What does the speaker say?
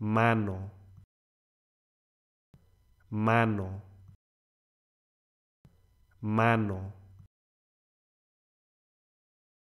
mano, mano, mano.